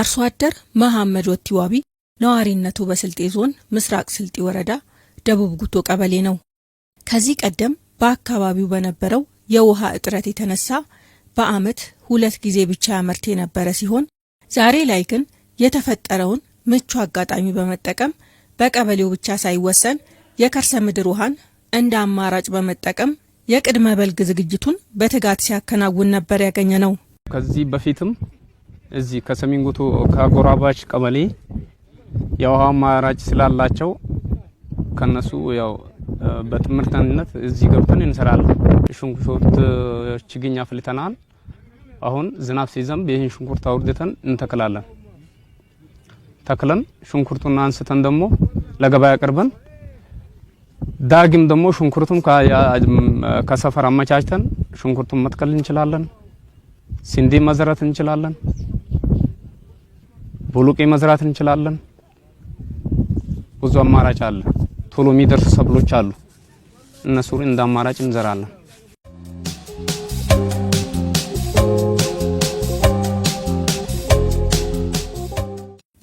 አርሶ አደር መሐመድ ወቲ ዋቢ ነዋሪነቱ በስልጤ ዞን ምስራቅ ስልጤ ወረዳ ደቡብ ጉቶ ቀበሌ ነው። ከዚህ ቀደም በአካባቢው በነበረው የውሃ እጥረት የተነሳ በዓመት ሁለት ጊዜ ብቻ ያመርት የነበረ ሲሆን ዛሬ ላይ ግን የተፈጠረውን ምቹ አጋጣሚ በመጠቀም በቀበሌው ብቻ ሳይወሰን የከርሰ ምድር ውሃን እንደ አማራጭ በመጠቀም የቅድመ በልግ ዝግጅቱን በትጋት ሲያከናውን ነበር ያገኘ ነው። ከዚህ በፊትም እዚህ ከሰሜን ጉቶ ከጎራባች ቀበሌ የውሃ አማራጭ ስላላቸው ከነሱ ያው በትምህርትነት እዚህ ገብተን እንሰራለን። ሽንኩርት ችግኝ አፍልተናል። አሁን ዝናብ ሲዘንብ ይህን ሽንኩርት አውርደተን እንተክላለን። ተክለን ሽንኩርቱን አንስተን ደግሞ ለገበያ አቅርበን ዳግም ደግሞ ሽንኩርቱን ከሰፈር አመቻችተን ሽንኩርቱን መትከል እንችላለን። ስንዴ መዘረት እንችላለን። ቦሎቄ መዝራት እንችላለን። ብዙ አማራጭ አለ። ቶሎ የሚደርሱ ሰብሎች አሉ። እነሱ እንደ አማራጭ እንዘራለን።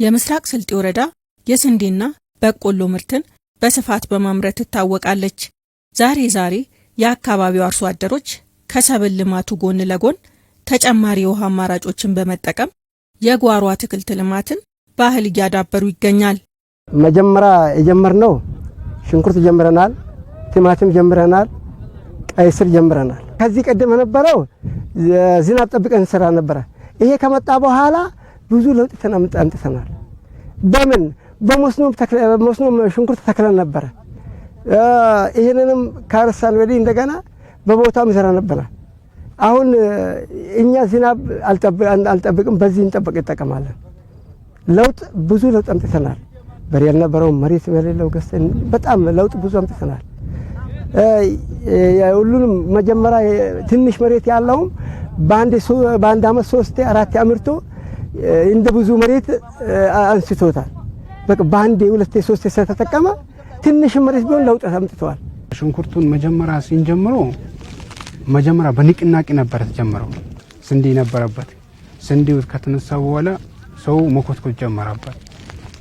የምስራቅ ስልጤ ወረዳ የስንዴና በቆሎ ምርትን በስፋት በማምረት ትታወቃለች። ዛሬ ዛሬ የአካባቢው አርሶ አደሮች ከሰብል ልማቱ ጎን ለጎን ተጨማሪ የውሃ አማራጮችን በመጠቀም የጓሮ አትክልት ልማትን ባህል እያዳበሩ ይገኛል። መጀመሪያ የጀመርነው ሽንኩርት ጀምረናል፣ ቲማቲም ጀምረናል፣ ቀይ ስር ጀምረናል። ከዚህ ቀደም የነበረው ዝናብ ጠብቀን እንሰራ ነበረ። ይሄ ከመጣ በኋላ ብዙ ለውጥ አምጥተናል። በምን በመስኖ ሽንኩርት ተክለን ነበረ። ይህንንም ካረሳን ወዲህ እንደገና በቦታም ይሰራ ነበራል። አሁን እኛ ዝናብ አልጠብቅም፣ በዚህ እንጠብቅ ይጠቀማለን። ለውጥ ብዙ ለውጥ አምጥተናል። በሬ ያልነበረው መሬት የሌለው ገዝተን በጣም ለውጥ ብዙ አምጥተናል። ሁሉንም መጀመሪያ ትንሽ መሬት ያለውም በአንድ አመት ሶስቴ አራቴ አምርቶ እንደ ብዙ መሬት አንስቶታል። በቃ በአንዴ ሁለቴ ሶስቴ ስለተጠቀመ ትንሽ መሬት ቢሆን ለውጥ አምጥተዋል። ሽንኩርቱን መጀመሪያ ሲንጀምሮ መጀመሪያ በንቅናቄ ነበር ተጀመረው። ስንዴ ነበረበት። ስንዴው ከተነሳ በኋላ ሰው መኮትኮት ጀመረበት።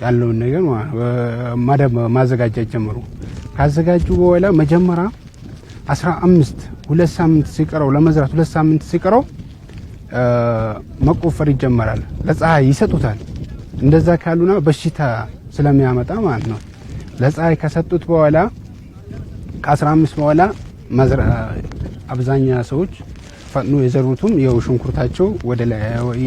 ያለውን ነገር ማደብ ማዘጋጀት ጀመሩ። ካዘጋጁ በኋላ መጀመሪያ 15 ሁለት ሳምንት ሲቀረው ለመዝራት ሁለት ሳምንት ሲቀረው መቆፈር ይጀመራል። ለፀሐይ ይሰጡታል። እንደዛ ካሉና በሽታ ስለሚያመጣ ማለት ነው። ለፀሐይ ከሰጡት በኋላ ከ15 በኋላ አብዛኛ ሰዎች ፈጥኖ የዘሩትም የው ሽንኩርታቸው ወደ ላይ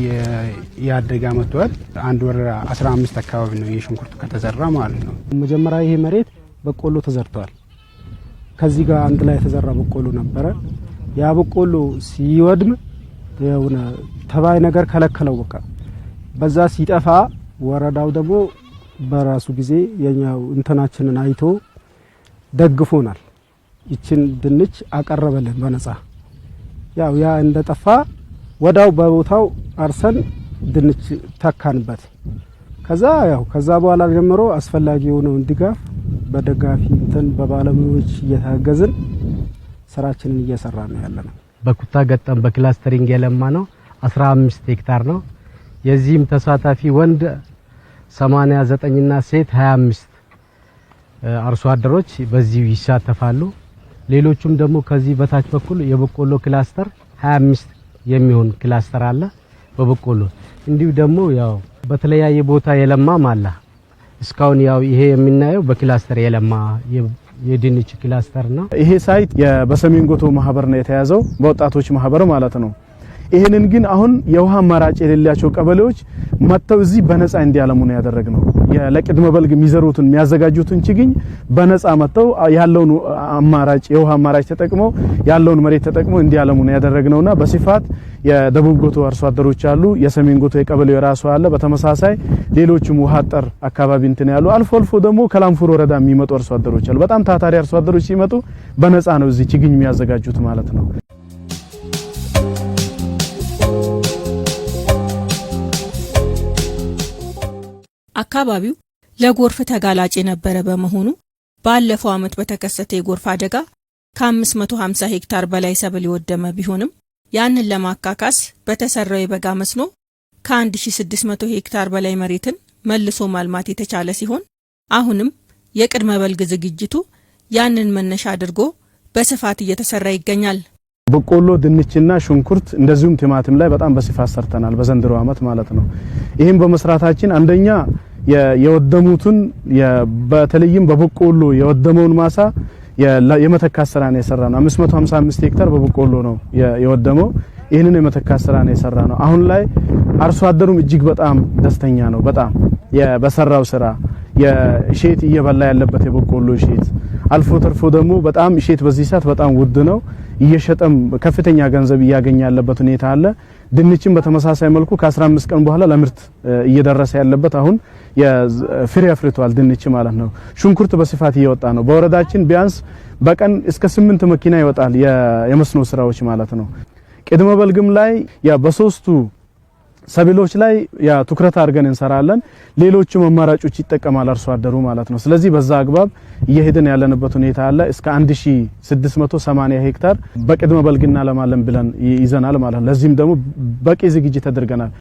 ያደጋ መጥቷል። አንድ ወር 15 አካባቢ ነው ይህ ሽንኩርቱ ከተዘራ ማለት ነው። መጀመሪያ ይሄ መሬት በቆሎ ተዘርቷል። ከዚህ ጋር አንድ ላይ የተዘራ በቆሎ ነበረ። ያ በቆሎ ሲወድም የሆነ ተባይ ነገር ከለከለው። በቃ በዛ ሲጠፋ ወረዳው ደግሞ በራሱ ጊዜ የኛው እንትናችንን አይቶ ደግፎናል። ይችን ድንች አቀረበልን በነጻ። ያው ያ እንደጠፋ ወዳው በቦታው አርሰን ድንች ተካንበት። ከዛ ያው ከዛ በኋላ ጀምሮ አስፈላጊ የሆነውን ድጋፍ በደጋፊ እንትን በባለሙያዎች እየታገዝን ስራችንን እየሰራ ነው ያለ ነው። በኩታ ገጠም በክላስተሪንግ የለማ ነው 15 ሄክታር ነው። የዚህም ተሳታፊ ወንድ 89 እና ሴት 25 አርሶ አደሮች በዚህ ይሳተፋሉ። ሌሎቹም ደግሞ ከዚህ በታች በኩል የበቆሎ ክላስተር 25 የሚሆን ክላስተር አለ በበቆሎ እንዲሁ ደግሞ ያው በተለያየ ቦታ የለማም አለ። እስካሁን ያው ይሄ የምናየው በክላስተር የለማ የድንች ክላስተር ነው። ይሄ ሳይት በሰሜን ጎቶ ማህበር ነው የተያዘው በወጣቶች ማህበር ማለት ነው። ይህንን ግን አሁን የውሃ አማራጭ የሌላቸው ቀበሌዎች መጥተው እዚህ በነፃ እንዲያለሙ ነው ያደረግነው። ለቅድመ በልግ የሚዘሩትን የሚያዘጋጁትን ችግኝ በነፃ መጥተው ያለውን አማራጭ የውሃ አማራጭ ተጠቅመው ያለውን መሬት ተጠቅመው እንዲያለሙ ነው ያደረግነውና በስፋት የደቡብ ጎቶ አርሶ አደሮች አሉ። የሰሜን ጎቶ የቀበሌው የራሱ አለ። በተመሳሳይ ሌሎችም ውሃ ጠር አካባቢ እንትን ያሉ አልፎ አልፎ ደግሞ ከላምፉር ወረዳ የሚመጡ አርሶ አደሮች አሉ። በጣም ታታሪ አርሶ አደሮች ሲመጡ በነፃ ነው እዚህ ችግኝ የሚያዘጋጁት ማለት ነው። አካባቢው ለጎርፍ ተጋላጭ የነበረ በመሆኑ ባለፈው ዓመት በተከሰተ የጎርፍ አደጋ ከ550 ሄክታር በላይ ሰብል የወደመ ቢሆንም ያንን ለማካካስ በተሰራው የበጋ መስኖ ከ1600 ሄክታር በላይ መሬትን መልሶ ማልማት የተቻለ ሲሆን አሁንም የቅድመ በልግ ዝግጅቱ ያንን መነሻ አድርጎ በስፋት እየተሰራ ይገኛል። በቆሎ፣ ድንችና ሽንኩርት እንደዚሁም ቲማቲም ላይ በጣም በስፋት ሰርተናል፣ በዘንድሮ ዓመት ማለት ነው። ይህም በመስራታችን አንደኛ የወደሙትን በተለይም በበቆሎ የወደመውን ማሳ የመተካት ስራ ነው የሰራ ነው። 555 ሄክታር በበቆሎ ነው የወደመው። ይህንን የመተካት ስራ ነው የሰራ ነው። አሁን ላይ አርሶ አደሩም እጅግ በጣም ደስተኛ ነው። በጣም በሰራው ስራ የእሼት እየበላ ያለበት የበቆሎ እሼት አልፎ ተርፎ ደግሞ በጣም እሼት በዚህ ሰዓት በጣም ውድ ነው። እየሸጠም ከፍተኛ ገንዘብ እያገኘ ያለበት ሁኔታ አለ። ድንችን በተመሳሳይ መልኩ ከ15 ቀን በኋላ ለምርት እየደረሰ ያለበት አሁን የፍሬ አፍርቷል ድንች ማለት ነው። ሽንኩርት በስፋት እየወጣ ነው። በወረዳችን ቢያንስ በቀን እስከ ስምንት መኪና ይወጣል የመስኖ ስራዎች ማለት ነው። ቅድመ በልግም ላይ በሶስቱ ሰብሎች ላይ ያ ትኩረት አድርገን እንሰራለን። ሌሎችም አማራጮች ይጠቀማል አርሶ አደሩ ማለት ነው። ስለዚህ በዛ አግባብ እየሄድን ያለንበት ሁኔታ አለ። እስከ 1680 ሄክታር በቅድመ በልግና ለማለን ብለን ይዘናል ማለት ነው። ለዚህም ደግሞ በቂ ዝግጅት ተደርገናል።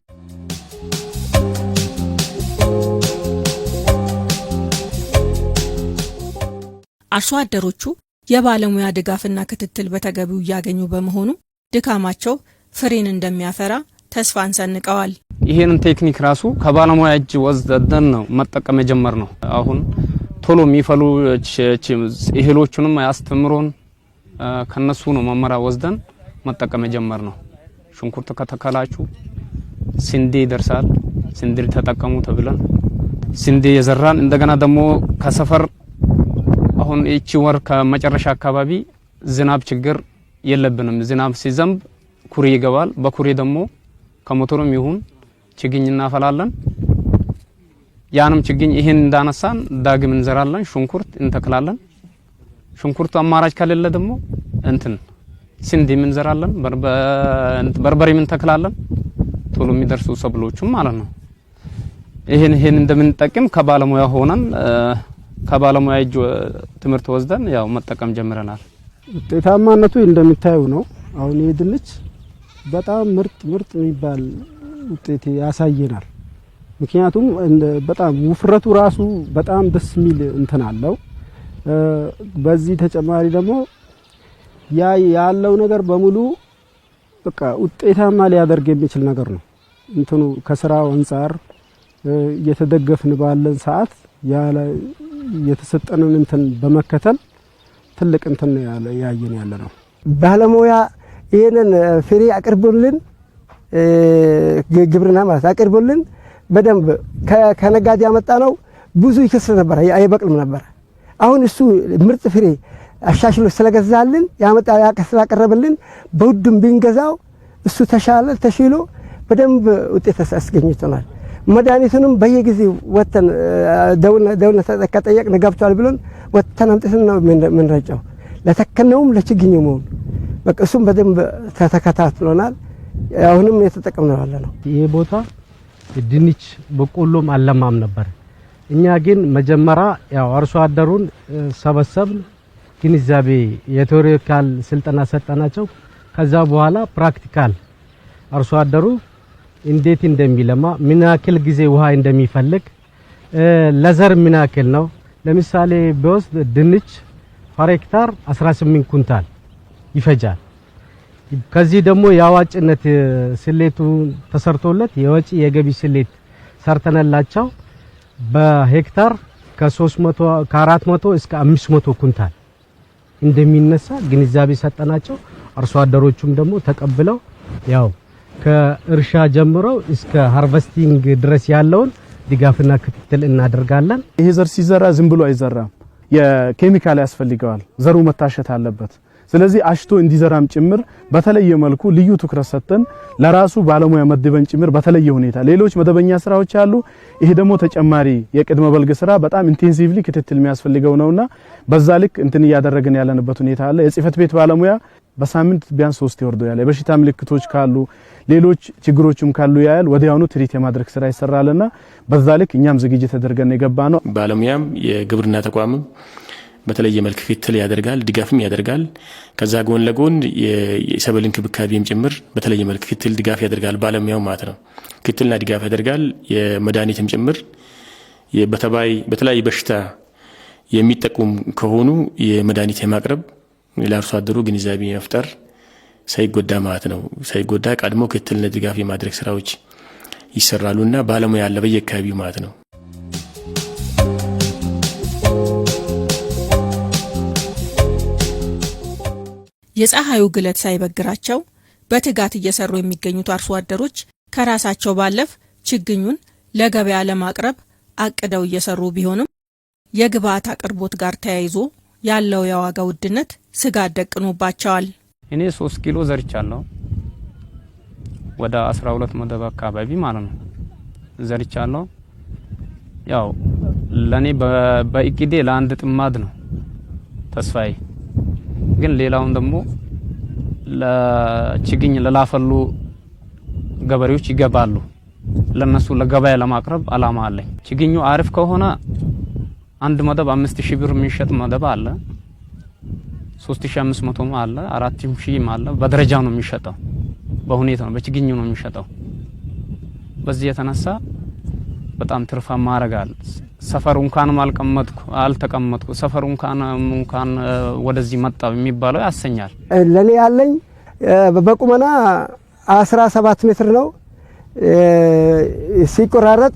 አርሶ አደሮቹ የባለሙያ ድጋፍና ክትትል በተገቢው እያገኙ በመሆኑ ድካማቸው ፍሬን እንደሚያፈራ ተስፋን ሰንቀዋል ይሄንን ቴክኒክ ራሱ ከባለሙያ እጅ ወስደን ነው መጠቀም የጀመር ነው። አሁን ቶሎ የሚፈሉ እህሎቹንም አያስተምሮን ከነሱ ነው መመሪያ ወስደን መጠቀም የጀመር ነው። ሽንኩርት ከተከላችሁ ስንዴ ይደርሳል፣ ስንዴ ተጠቀሙ ተብለን ስንዴ የዘራን እንደገና ደግሞ ከሰፈር አሁን እቺ ወር ከመጨረሻ አካባቢ ዝናብ ችግር የለብንም። ዝናብ ሲዘንብ ኩሬ ይገባል። በኩሬ ደግሞ ከሞተሩም ይሁን ችግኝ እናፈላለን። ያንም ችግኝ ይሄን እንዳነሳን ዳግም እንዘራለን። ሽንኩርት እንተክላለን። ሽንኩርቱ አማራጭ ከሌለ ደግሞ እንትን ስንዴም እንዘራለን፣ በርበሬም እንተክላለን። ቶሎ የሚደርሱ ሰብሎቹም ማለት ነው። ይሄን ይሄን እንደምንጠቅም ከባለሙያ ሆነን ከባለሙያ እጅ ትምህርት ወስደን ያው መጠቀም ጀምረናል። ውጤታማነቱ እንደሚታየው ነው። አሁን ይሄ ድንች በጣም ምርጥ ምርጥ የሚባል ውጤት ያሳየናል። ምክንያቱም በጣም ውፍረቱ ራሱ በጣም ደስ የሚል እንትን አለው። በዚህ ተጨማሪ ደግሞ ያ ያለው ነገር በሙሉ በቃ ውጤታማ ሊያደርግ የሚችል ነገር ነው። እንትኑ ከስራው አንጻር እየተደገፍን ባለን ሰዓት ያለ የተሰጠንን እንትን በመከተል ትልቅ እንትን ያየን ያለ ነው ባለሙያ ይህንን ፍሬ አቅርቦልን ግብርና ማለት አቅርቦልን በደንብ ከነጋዴ ያመጣ ነው ብዙ ይከስር ነበረ፣ አይበቅልም ነበረ አሁን እሱ ምርጥ ፍሬ አሻሽሎ ስለገዛልን ያመጣ ስላቀረበልን በውድም ቢንገዛው እሱ ተሻለ ተሽሎ በደንብ ውጤት አስገኝቶናል። መድኃኒቱንም በየጊዜው ወተን ደውልና ከጠየቅን ገብቷል ብሎን ወተን አምጥተን ነው የምንረጨው ለተከነውም ለችግኝ መሆን በቃ እሱም በደንብ ተተከታትሎናል። አሁንም እየተጠቀምነው ያለ ነው። ይህ ቦታ ድንች በቆሎም አለማም ነበር። እኛ ግን መጀመሪያ ያው አርሶ አደሩን ሰበሰብን፣ ግንዛቤ የቴዎሪካል ስልጠና ሰጠናቸው። ከዛ በኋላ ፕራክቲካል አርሶ አደሩ እንዴት እንደሚለማ ምን ያክል ጊዜ ውሃ እንደሚፈልግ ለዘር ምን ያክል ነው። ለምሳሌ በውስጥ ድንች ፐር ሄክታር 18 ኩንታል ይፈጃል። ከዚህ ደግሞ የአዋጭነት ስሌቱ ተሰርቶለት የወጪ የገቢ ስሌት ሰርተነላቸው በሄክታር ከ300 ከ400 እስከ 500 ኩንታል እንደሚነሳ ግንዛቤ ሰጠናቸው። አርሶ አደሮቹም ደግሞ ተቀብለው ያው ከእርሻ ጀምረው እስከ ሃርቨስቲንግ ድረስ ያለውን ድጋፍና ክትትል እናደርጋለን። ይሄ ዘር ሲዘራ ዝም ብሎ አይዘራም። የኬሚካል ያስፈልገዋል። ዘሩ መታሸት አለበት። ስለዚህ አሽቶ እንዲዘራም ጭምር በተለየ መልኩ ልዩ ትኩረት ሰጥተን ለራሱ ባለሙያ መድበን ጭምር በተለየ ሁኔታ ሌሎች መደበኛ ስራዎች አሉ። ይሄ ደግሞ ተጨማሪ የቅድመ በልግ ስራ በጣም ኢንቴንሲቭሊ ክትትል የሚያስፈልገው ነውና በዛ ልክ እንትን እያደረግን ያለንበት ሁኔታ አለ። የጽህፈት ቤት ባለሙያ በሳምንት ቢያንስ ሶስት ይወርዶ ያለ የበሽታ ምልክቶች ካሉ ሌሎች ችግሮችም ካሉ ያያል። ወዲያውኑ ትሪት የማድረግ ስራ ይሰራልና በዛ ልክ እኛም ዝግጅት ተደርገን የገባ ነው። ባለሙያም የግብርና ተቋምም በተለየ መልክ ክትል ያደርጋል፣ ድጋፍም ያደርጋል። ከዛ ጎን ለጎን የሰብል እንክብካቤም ጭምር በተለየ መልክ ክትትል ድጋፍ ያደርጋል። ባለሙያው ማለት ነው። ክትትልና ድጋፍ ያደርጋል። የመድኃኒትም ጭምር በተባይ በተለያየ በሽታ የሚጠቁም ከሆኑ የመድኃኒት የማቅረብ ለአርሶ አደሩ ግንዛቤ መፍጠር ሳይጎዳ ማለት ነው። ሳይጎዳ ቀድሞ ክትትልና ድጋፍ የማድረግ ስራዎች ይሰራሉና ባለሙያ ያለ በየአካባቢው ማለት ነው። የፀሐዩ ግለት ሳይበግራቸው በትጋት እየሰሩ የሚገኙት አርሶ አደሮች ከራሳቸው ባለፍ ችግኙን ለገበያ ለማቅረብ አቅደው እየሰሩ ቢሆንም የግብዓት አቅርቦት ጋር ተያይዞ ያለው የዋጋ ውድነት ስጋት ደቅኖባቸዋል። እኔ ሶስት ኪሎ ዘርቻለሁ ወደ 12 መደብ አካባቢ ማለት ነው ዘርቻለሁ። ያው ለእኔ በእቅዴ ለአንድ ጥማድ ነው ተስፋዬ ግን ሌላውን ደግሞ ለችግኝ ለላፈሉ ገበሬዎች ይገባሉ። ለነሱ ለገበያ ለማቅረብ አላማ አለኝ። ችግኙ አሪፍ ከሆነ አንድ መደብ አምስት ሺህ ብር የሚሸጥ መደብ አለ፣ ሶስት ሺህ አምስት መቶም አለ፣ አራት ሺህም አለ። በደረጃ ነው የሚሸጠው፣ በሁኔታ ነው፣ በችግኙ ነው የሚሸጠው። በዚህ የተነሳ በጣም ትርፋማ ያደርጋል። ሰፈሩ እንኳን አልቀመጥኩ አልተቀመጥኩ ሰፈሩ እንኳን እንኳን ወደዚህ መጣው የሚባለው ያሰኛል። ለኔ ያለኝ በቁመና 17 ሜትር ነው። ሲቆራረጥ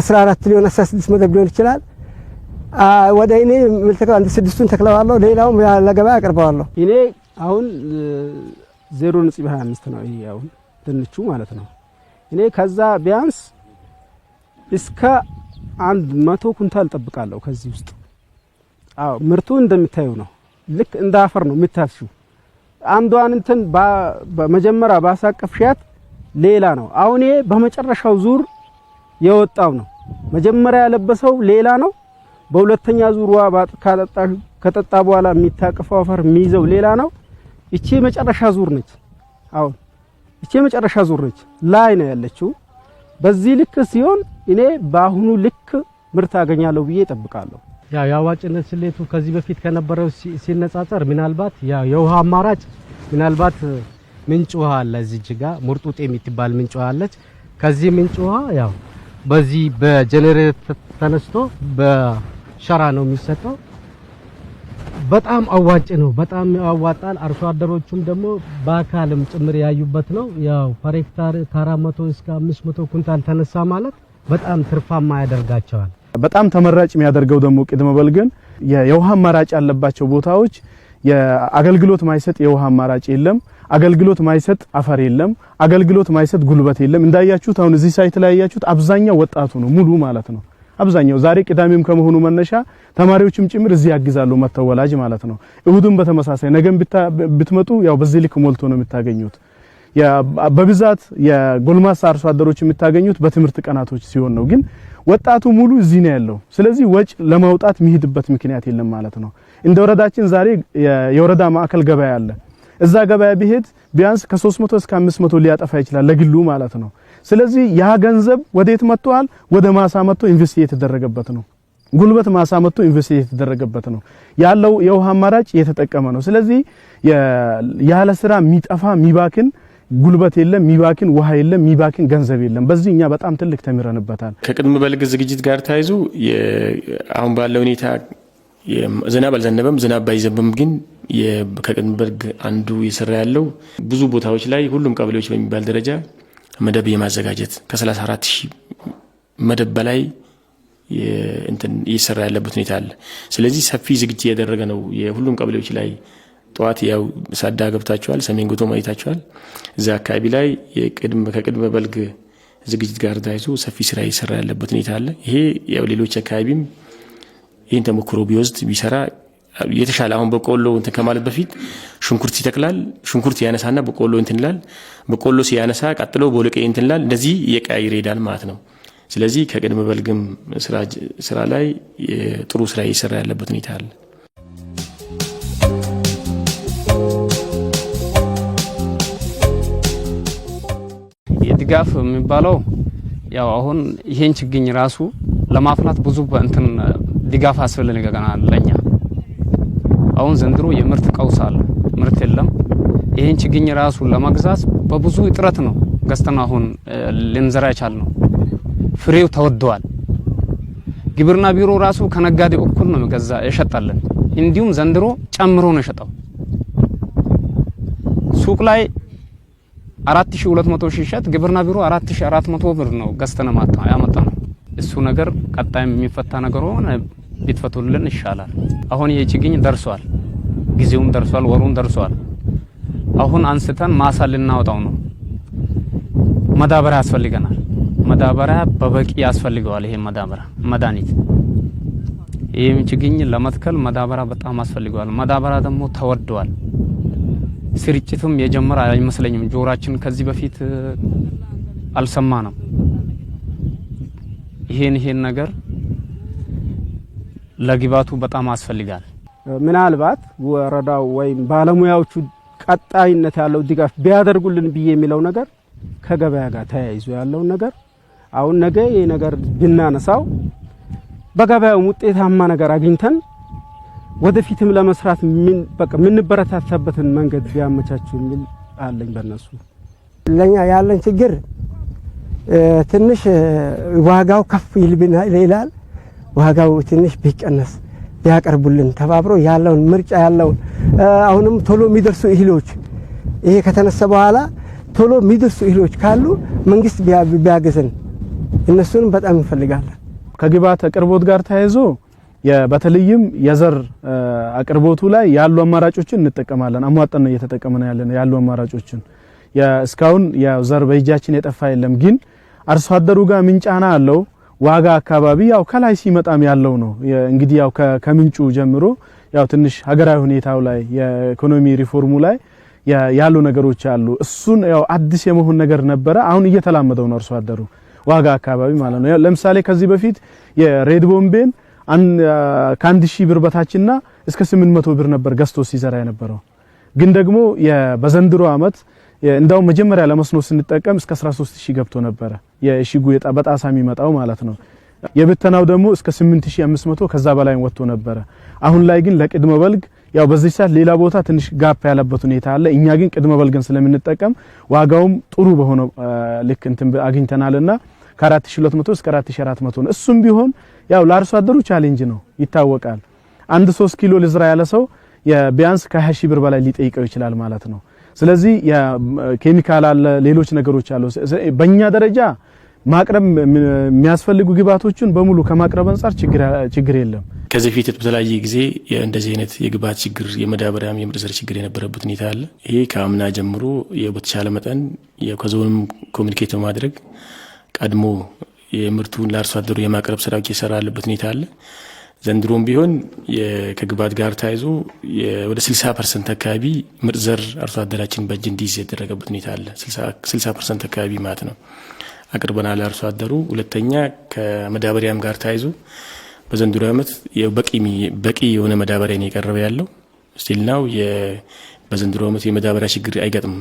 14 ሊሆን 16 መደብ ሊሆን ይችላል። ወደ እኔ ምልተከ አንድ ስድስቱን ተክለዋለሁ፣ ሌላውም ለገበያ አቅርበዋለሁ። እኔ አሁን 0.25 ነው። ይሄ አሁን ትንቹ ማለት ነው። እኔ ከዛ ቢያንስ እስከ አንድ መቶ ኩንታል ጠብቃለሁ። ከዚህ ውስጥ አዎ፣ ምርቱ እንደሚታዩ ነው። ልክ እንደ አፈር ነው የምታፍሺው። አንዷን እንትን በመጀመሪያ ባሳቀፍሻት ሌላ ነው። አሁን ይሄ በመጨረሻው ዙር የወጣው ነው። መጀመሪያ ያለበሰው ሌላ ነው። በሁለተኛ ዙር ውሃ ከጠጣ በኋላ የሚታቀፈው አፈር የሚይዘው ሌላ ነው። እቺ የመጨረሻ ዙር ነች። አሁን እቺ የመጨረሻ ዙር ነች ላይ ነው ያለችው። በዚህ ልክ ሲሆን እኔ በአሁኑ ልክ ምርት አገኛለሁ ብዬ እጠብቃለሁ። ያ የአዋጭነት ስሌቱ ከዚህ በፊት ከነበረው ሲነጻጸር ምናልባት ያ የውሃ አማራጭ ምናልባት ምንጭ ውሃ አለ እዚህ ጅጋ ሙርጡጤ የምትባል ምንጭ ውሃ አለች። ከዚህ ምንጭ ውሃ ያው በዚህ በጀኔሬተር ተነስቶ በሸራ ነው የሚሰጠው። በጣም አዋጭ ነው። በጣም ያዋጣል። አርሶ አደሮቹም ደግሞ በአካልም ጭምር ያዩበት ነው። ያው ፐር ሄክታር ከ እስከ 500 ኩንታል ተነሳ ማለት በጣም ትርፋማ ያደርጋቸዋል። በጣም ተመራጭ የሚያደርገው ደግሞ ቅድመ በልግን የውሃ አማራጭ ያለባቸው ቦታዎች የአገልግሎት ማይሰጥ የውሃ አማራጭ የለም። አገልግሎት ማይሰጥ አፈር የለም። አገልግሎት ማይሰጥ ጉልበት የለም። እንዳያችሁት አሁን እዚህ ሳይት ላይ ያያችሁት አብዛኛው ወጣቱ ነው ሙሉ ማለት ነው። አብዛኛው ዛሬ ቅዳሜም ከመሆኑ መነሻ ተማሪዎችም ጭምር እዚህ ያግዛሉ መተው ወላጅ ማለት ነው። እሁድም በተመሳሳይ ነገም ብትመጡ ያው በዚህ ልክ ሞልቶ ነው የምታገኙት። በብዛት የጎልማሳ አርሶ አደሮች የምታገኙት በትምህርት ቀናቶች ሲሆን ነው። ግን ወጣቱ ሙሉ እዚህ ነው ያለው። ስለዚህ ወጪ ለማውጣት የሚሄድበት ምክንያት የለም ማለት ነው። እንደ ወረዳችን ዛሬ የወረዳ ማዕከል ገበያ አለ። እዛ ገበያ ቢሄድ ቢያንስ ከ300 እስከ 500 ሊያጠፋ ይችላል ለግሉ ማለት ነው። ስለዚህ ያ ገንዘብ ወዴት መጥቷል? ወደ ማሳ መጥቶ ኢንቨስት እየተደረገበት ነው። ጉልበት ማሳ መጥቶ ኢንቨስት የተደረገበት ነው። ያለው የውሃ አማራጭ እየተጠቀመ ነው። ስለዚህ ያለ ስራ የሚጠፋ የሚባክን ጉልበት የለም፣ ሚባክን ውሃ የለም፣ ሚባክን ገንዘብ የለም። በዚህ እኛ በጣም ትልቅ ተምረንበታል። ከቅድመ በልግ ዝግጅት ጋር ተያይዞ አሁን ባለ ሁኔታ ዝናብ አልዘነበም። ዝናብ ባይዘንብም ግን ከቅንበርግ አንዱ የሰራ ያለው ብዙ ቦታዎች ላይ ሁሉም ቀበሌዎች በሚባል ደረጃ መደብ የማዘጋጀት ከ34 ሺህ መደብ በላይ እየሰራ ያለበት ሁኔታ አለ። ስለዚህ ሰፊ ዝግጅት እያደረገ ነው። የሁሉም ቀበሌዎች ላይ ጠዋት ያው ሳዳ ገብታችኋል፣ ሰሜን ጎቶ ማይታችኋል። እዚ አካባቢ ላይ ከቅድመ በልግ ዝግጅት ጋር ተያይዞ ሰፊ ስራ እየሰራ ያለበት ሁኔታ አለ። ይሄ ያው ሌሎች አካባቢም ይህን ተሞክሮ ቢወስድ ቢሰራ የተሻለ አሁን በቆሎ እንትን ከማለት በፊት ሽንኩርት ይተክላል። ሽንኩርት ያነሳና በቆሎ እንትን ይላል። በቆሎ ሲያነሳ ቀጥሎ ቦለቄ እንትን ይላል። እንደዚህ እየቀያየረ ይሄዳል ማለት ነው። ስለዚህ ከቅድመ በልግም ስራ ላይ ጥሩ ስራ እየሰራ ያለበት ሁኔታ አለ። የድጋፍ የሚባለው ያው አሁን ይሄን ችግኝ ራሱ ለማፍላት ብዙ እንትን ድጋፍ ያስፈልገናል። ለኛ አሁን ዘንድሮ የምርት ቀውስ አለ፣ ምርት የለም። ይህን ችግኝ ራሱ ለመግዛት በብዙ እጥረት ነው ገዝተን አሁን ልንዘራ ይቻል ነው። ፍሬው ተወደዋል። ግብርና ቢሮ ራሱ ከነጋዴ እኩል ነው ገዛ የሸጠልን። እንዲሁም ዘንድሮ ጨምሮ ነው የሸጠው። ሱቅ ላይ 4200 ሲሸጥ ግብርና ቢሮ 4400 ብር ነው ገዝተን ያመጣ ነው። እሱ ነገር ቀጣይም የሚፈታ ነገር ሆነ ብትፈቱልን ይሻላል። አሁን ይህ ችግኝ ደርሷል፣ ጊዜውም ደርሷል፣ ወሩም ደርሷል። አሁን አንስተን ማሳ ልናወጣው ነው። መዳበሪያ ያስፈልገናል። መዳበሪያ በበቂ ያስፈልገዋል። ይሄ መዳበሪያ መድኃኒት ይህም ችግኝ ለመትከል መዳበሪያ በጣም አስፈልገዋል። መዳበሪያ ደግሞ ተወደዋል። ስርጭትም የጀመረ አይመስለኝም። ጆራችን ከዚህ በፊት አልሰማ ነው ይሄን ይሄን ነገር ለግባቱ በጣም አስፈልጋል። ምናልባት ወረዳው ወይም ባለሙያዎቹ ቀጣይነት ያለው ድጋፍ ቢያደርጉልን ብዬ የሚለው ነገር ከገበያ ጋር ተያይዞ ያለውን ነገር አሁን ነገ ይህ ነገር ብናነሳው በገበያውም ውጤታማ ነገር አግኝተን ወደፊትም ለመስራት በቃ የምንበረታታበትን መንገድ ቢያመቻችሁ የሚል አለኝ። በእነሱ ለኛ ያለን ችግር ትንሽ ዋጋው ከፍ ይልብና ይላል ዋጋው ትንሽ ቢቀነስ ቢያቀርቡልን ተባብሮ ያለውን ምርጫ ያለውን አሁንም ቶሎ የሚደርሱ እህሎች ይሄ ከተነሳ በኋላ ቶሎ የሚደርሱ እህሎች ካሉ መንግስት ቢያግዝን እነሱንም በጣም እንፈልጋለን። ከግብዓት አቅርቦት ጋር ተያይዞ በተለይም የዘር አቅርቦቱ ላይ ያሉ አማራጮችን እንጠቀማለን። አሟጠን ነው እየተጠቀምን ያለን ያሉ አማራጮችን እስካሁን ዘር በእጃችን የጠፋ የለም። ግን አርሶ አደሩ ጋር ምን ጫና አለው ዋጋ አካባቢ ያው ከላይ ሲመጣም ያለው ነው እንግዲህ ያው ከምንጩ ጀምሮ ያው ትንሽ ሀገራዊ ሁኔታው ላይ የኢኮኖሚ ሪፎርሙ ላይ ያሉ ነገሮች አሉ። እሱን ያው አዲስ የመሆን ነገር ነበረ። አሁን እየተላመደው ነው አርሶ አደሩ ዋጋ አካባቢ ማለት ነው። ለምሳሌ ከዚህ በፊት የሬድ ቦምቤን ከአንድ ሺህ ብር በታችና እስከ ስምንት መቶ ብር ነበር ገዝቶ ሲዘራ የነበረው ግን ደግሞ በዘንድሮ አመት እንደውም መጀመሪያ ለመስኖ ስንጠቀም እስከ 13000 ገብቶ ነበረ። የእሽጉ በጣሳ የሚመጣው ማለት ነው። የብተናው ደግሞ እስከ 8500 ከዛ በላይ ወጥቶ ነበረ። አሁን ላይ ግን ለቅድመ በልግ ያው በዚህ ሰዓት ሌላ ቦታ ትንሽ ጋፕ ያለበት ሁኔታ አለ። እኛ ግን ቅድመ በልግን ስለምንጠቀም ዋጋውም ጥሩ በሆነ ልክ እንትን አግኝተናልና ከ4200 እስከ 4400 ነው። እሱም ቢሆን ያው ለአርሶ አደሩ ቻሌንጅ ነው ይታወቃል። አንድ 3 ኪሎ ልዝራ ያለ ሰው ቢያንስ ከ20 ሺህ ብር በላይ ሊጠይቀው ይችላል ማለት ነው። ስለዚህ ኬሚካል አለ፣ ሌሎች ነገሮች አሉ። በእኛ ደረጃ ማቅረብ የሚያስፈልጉ ግብዓቶችን በሙሉ ከማቅረብ አንጻር ችግር የለም። ከዚህ ፊት በተለያየ ጊዜ እንደዚህ አይነት የግብዓት ችግር የመዳበሪያም የምርዘር ችግር የነበረበት ሁኔታ አለ። ይሄ ከአምና ጀምሮ በተቻለ መጠን ከዞንም ኮሚኒኬት በማድረግ ቀድሞ የምርቱን ለአርሶ አደሩ የማቅረብ ስራ እየሰራ ያለበት ሁኔታ አለ። ዘንድሮም ቢሆን ከግባት ጋር ተያይዞ ወደ 60 ፐርሰንት አካባቢ ምርጥ ዘር አርሶ አደራችን በእጅ እንዲይዝ የተደረገበት ሁኔታ አለ። 60 ፐርሰንት አካባቢ ማለት ነው አቅርበና አርሶ አደሩ። ሁለተኛ ከመዳበሪያም ጋር ተያይዞ በዘንድሮ ዓመት በቂ የሆነ መዳበሪያ ነው የቀረበ ያለው ስቲል ናው በዘንድሮ ዓመት የመዳበሪያ ችግር አይገጥምም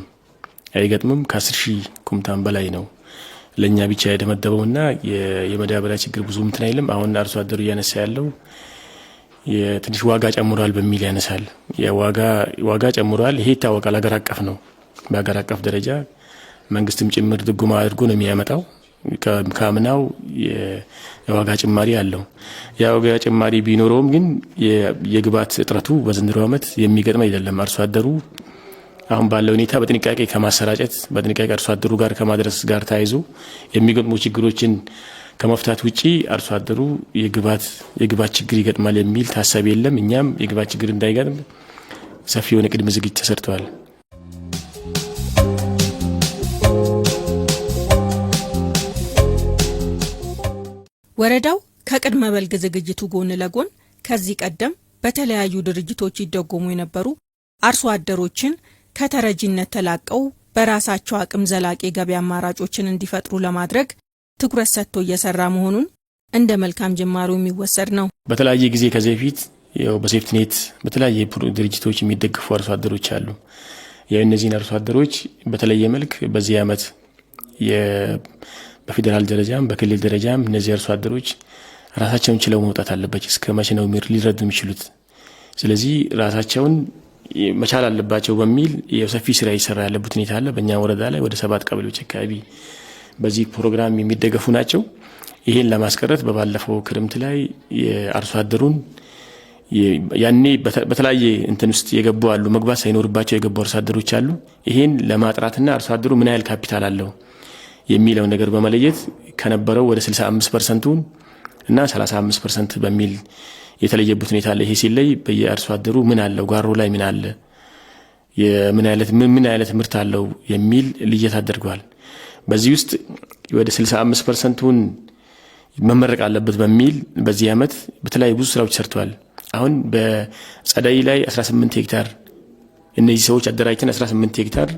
አይገጥምም ከ10 ሺህ ኩምታን በላይ ነው ለእኛ ብቻ የደመደበው እና የመዳበሪያ ችግር ብዙ እንትን አይልም። አሁን አርሶ አደሩ እያነሳ ያለው ትንሽ ዋጋ ጨምሯል በሚል ያነሳል። ዋጋ ጨምሯል፣ ይሄ ይታወቃል። አገር አቀፍ ነው። በሀገር አቀፍ ደረጃ መንግስትም ጭምር ድጎማ አድርጎ ነው የሚያመጣው። ከምናው የዋጋ ጭማሪ አለው። የዋጋ ጭማሪ ቢኖረውም ግን የግብዓት እጥረቱ በዘንድሮ ዓመት የሚገጥም አይደለም። አርሶ አደሩ አሁን ባለው ሁኔታ በጥንቃቄ ከማሰራጨት በጥንቃቄ አርሶ አደሩ ጋር ከማድረስ ጋር ተያይዞ የሚገጥሙ ችግሮችን ከመፍታት ውጪ አርሶ አደሩ የግባት ችግር ይገጥማል የሚል ታሳቢ የለም። እኛም የግባት ችግር እንዳይገጥም ሰፊ የሆነ ቅድመ ዝግጅት ተሰርተዋል። ወረዳው ከቅድመ በልግ ዝግጅቱ ጎን ለጎን ከዚህ ቀደም በተለያዩ ድርጅቶች ይደጎሙ የነበሩ አርሶ አደሮችን ከተረጂነት ተላቀው በራሳቸው አቅም ዘላቂ ገቢ አማራጮችን እንዲፈጥሩ ለማድረግ ትኩረት ሰጥቶ እየሰራ መሆኑን እንደ መልካም ጅማሩ የሚወሰድ ነው። በተለያየ ጊዜ ከዚህ በፊት ያው በሴፍትኔት በተለያየ ድርጅቶች የሚደግፉ አርሶ አደሮች አሉ። ያው እነዚህን አርሶ አደሮች በተለየ መልክ በዚህ ዓመት በፌዴራል ደረጃም በክልል ደረጃም እነዚህ አርሶ አደሮች ራሳቸውን ችለው መውጣት አለበች እስከ መቼ ነው ሊረዱ የሚችሉት? ስለዚህ ራሳቸውን መቻል አለባቸው በሚል የሰፊ ስራ እየሰራ ያለበት ሁኔታ አለ። በእኛ ወረዳ ላይ ወደ ሰባት ቀበሌዎች አካባቢ በዚህ ፕሮግራም የሚደገፉ ናቸው። ይህን ለማስቀረት በባለፈው ክርምት ላይ የአርሶ አደሩን ያኔ በተለያየ እንትን ውስጥ የገቡ አሉ። መግባት ሳይኖርባቸው የገቡ አርሶ አደሮች አሉ። ይህን ለማጥራትና አርሶ አደሩ ምን ያህል ካፒታል አለው የሚለው ነገር በመለየት ከነበረው ወደ 65 ፐርሰንቱን እና 35 ፐርሰንት በሚል የተለየበት ሁኔታ አለ። ይሄ ሲለይ በየአርሶ አደሩ ምን አለው፣ ጓሮ ላይ ምን አለ፣ ምን አይነት ምርት አለው የሚል ልየት አድርጓል። በዚህ ውስጥ ወደ 65 ፐርሰንቱን መመረቅ አለበት በሚል በዚህ ዓመት በተለያዩ ብዙ ስራዎች ሰርተዋል። አሁን በጸዳይ ላይ 18 ሄክታር እነዚህ ሰዎች አደራጅተን 18 ሄክታር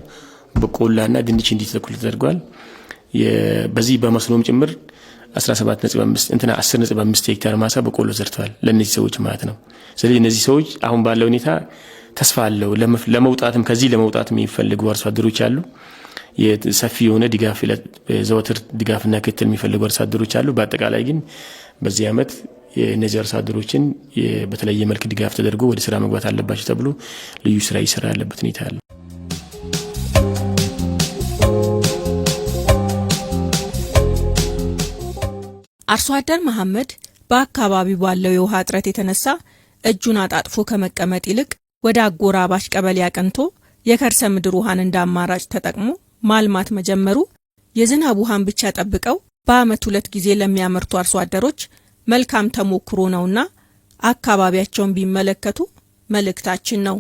በቆላና ድንች እንዲተኩል ተደርጓል። በዚህ በመስኖም ጭምር 17 እንትና 10.5 ሄክታር ማሳ በቆሎ ዘርተዋል። ለእነዚህ ሰዎች ማለት ነው። ስለዚህ እነዚህ ሰዎች አሁን ባለው ሁኔታ ተስፋ አለው ለመውጣትም ከዚህ ለመውጣት የሚፈልጉ አርሶ አደሮች አሉ። ሰፊ የሆነ ድጋፍ ዘወትር ድጋፍና ክትል የሚፈልጉ አርሶ አደሮች አሉ። በአጠቃላይ ግን በዚህ ዓመት እነዚህ አርሶ አደሮችን በተለየ መልክ ድጋፍ ተደርጎ ወደ ስራ መግባት አለባቸው ተብሎ ልዩ ስራ ይሰራ ያለበት ሁኔታ አለ። አርሶ አደር መሐመድ በአካባቢው ባለው የውሃ እጥረት የተነሳ እጁን አጣጥፎ ከመቀመጥ ይልቅ ወደ አጎራባሽ ቀበሌ አቅንቶ የከርሰ ምድር ውሃን እንደ አማራጭ ተጠቅሞ ማልማት መጀመሩ የዝናብ ውሃን ብቻ ጠብቀው በዓመት ሁለት ጊዜ ለሚያመርቱ አርሶ አደሮች መልካም ተሞክሮ ነውና አካባቢያቸውን ቢመለከቱ መልእክታችን ነው።